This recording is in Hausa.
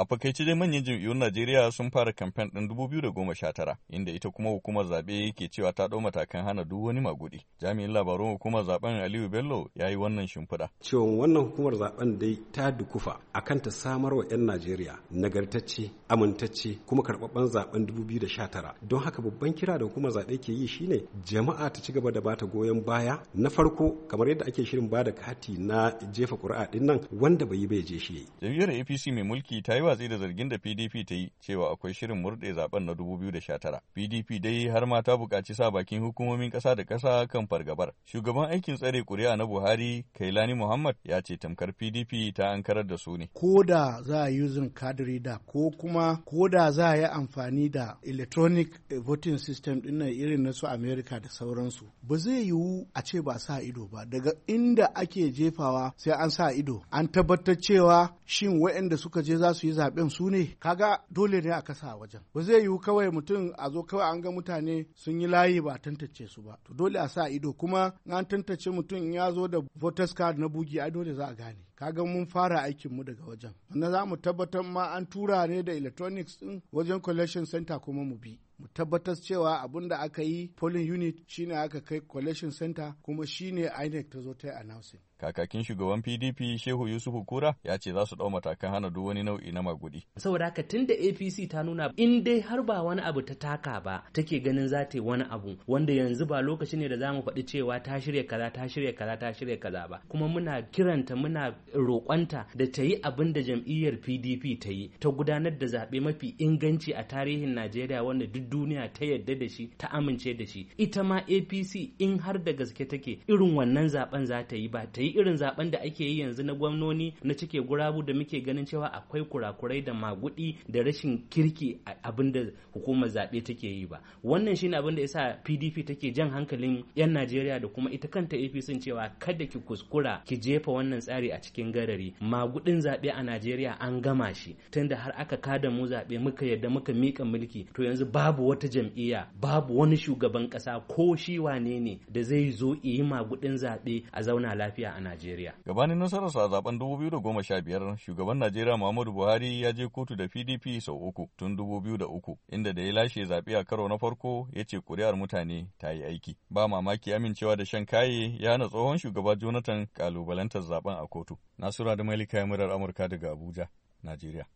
A fakaice dai manyan jam'iyyun Najeriya sun fara kamfen ɗin 2019 inda ita kuma hukumar zaɓe ke cewa ta ɗau matakan hana duk wani maguɗi. Jami'in labarun hukumar zaben Aliyu Bello ya yi wannan shimfiɗa. cewan wannan hukumar zaɓen dai ta dukufa a kan ta samar wa 'yan Najeriya nagartacce, amintacce kuma karɓaɓɓen zaben 2019. Don haka babban kira da hukumar zaɓe ke yi shine jama'a ta ci gaba da bata goyon baya na farko kamar yadda ake shirin bada kati na jefa ƙuri'a ɗin nan wanda bai yi bai je shi. Jam'iyyar APC mai mulki ta yi watsi da zargin da PDP ta yi cewa akwai shirin murɗe zaben na 2019. PDP dai har ma ta buƙaci sa bakin hukumomin ƙasa da ƙasa kan fargabar. Shugaban aikin tsare ƙuri'a na Buhari, Kailani Muhammad ya ce tamkar PDP ta ankarar da su ne. Ko da za a zin kadiri da ko kuma ko da za a yi amfani da electronic voting system ɗin irin na su America da sauransu. Ba zai yiwu a ce ba sa ido ba daga inda ake jefawa sai an sa ido an tabbatar cewa shin waɗanda suka je za su yi zaben su ne kaga dole ne a kasa wajen ba zai yiwu kawai mutum a zo kawai an ga mutane sun yi layi ba a tantance su ba to dole a sa ido kuma an tantance mutum ya zo da voters card na bugi ai dole za a gane kaga mun fara aikin mu daga wajen na za mu tabbatar ma an tura ne da electronics din wajen collection center kuma mu bi mu tabbatar cewa abin da aka yi polling unit shine aka kai collection center kuma shine INEC ta zo ta yi announcing. Kakakin shugaban PDP Shehu Yusufu Kura ya ce za su ɗau matakan hana duk wani nau'i na magudi. Saboda haka tun da APC ta nuna in dai har ba wani abu ta taka ba take ganin za ta yi wani abu wanda yanzu ba lokaci ne da za mu faɗi cewa ta shirya kaza ta shirya kaza ta shirya kaza ba kuma muna kiranta muna roƙonta da ta yi abin da jam'iyyar PDP ta yi ta gudanar da zaɓe mafi inganci a tarihin Najeriya wanda duk duniya ta yadda da shi ta amince da shi ita ma apc in har da gaske take irin wannan zaben za ta yi ba ta yi irin zaben da ake yi yanzu na gwamnoni na cike gurabu da muke ganin cewa akwai kurakurai da magudi da rashin kirki abin da hukumar zaɓe take yi ba wannan shine abin da yasa pdp take jan hankalin 'yan najeriya da kuma ita kanta apc cewa kada ki kuskura ki jefa wannan tsari a cikin garari magudin zaɓe a najeriya an gama shi tunda har aka kada mu zaɓe muka yadda muka miƙa mulki to yanzu babu babu wata jam'iyya babu wani shugaban ƙasa ko shi wane ne da zai zo yi magudin zaɓe a zauna lafiya a Najeriya. Gabanin nasararsa a zaben 2015 shugaban Najeriya Muhammadu Buhari ya je kotu da PDP sau uku tun 2003 inda da ya lashe zaɓe a karo na farko ya ce kuri'ar mutane ta yi aiki. Ba mamaki amincewa da shan kaye ya hana tsohon shugaba Jonathan kalubalantar zaben a kotu. Nasura da Malika murar Amurka daga Abuja, Najeriya.